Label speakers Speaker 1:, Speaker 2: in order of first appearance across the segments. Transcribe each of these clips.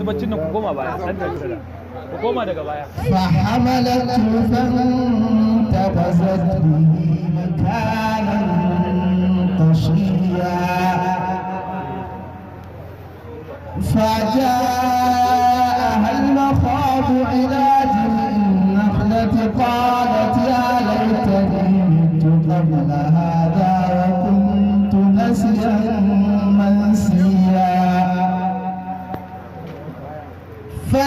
Speaker 1: masu baccin nan ku koma baya dan da ku koma daga baya fa hamalatu fantabazat bihi makanan qashiya فجاءها المخاض إلى جذع النخلة قالت يا ليتني مت قبل هذا وكنت نسيا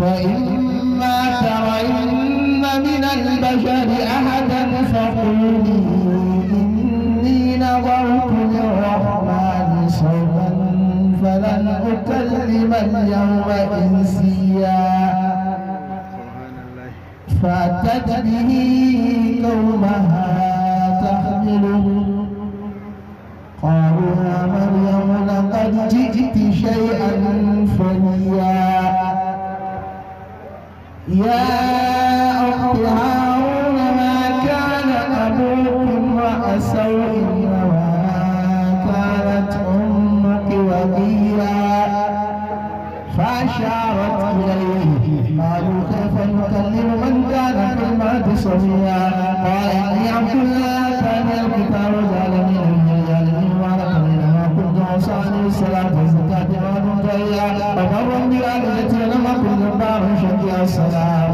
Speaker 1: فإما ترين من البشر أحدا فقولي إني نظرت للرحمن صوما فلن أكلم اليوم إنسيا فأتت به قومها تحمله قالوا يا مريم لقد جئت شيئا يا أخت هارون ما كان أبوكم وأسوء وما كانت أمك وبيا فأشارت إليه قالوا كيف نكلم من كان في المهد صبيا قال إني عبد الله تستطيع أن تنتهي ومن بأن يتلم كل بار شكي السلام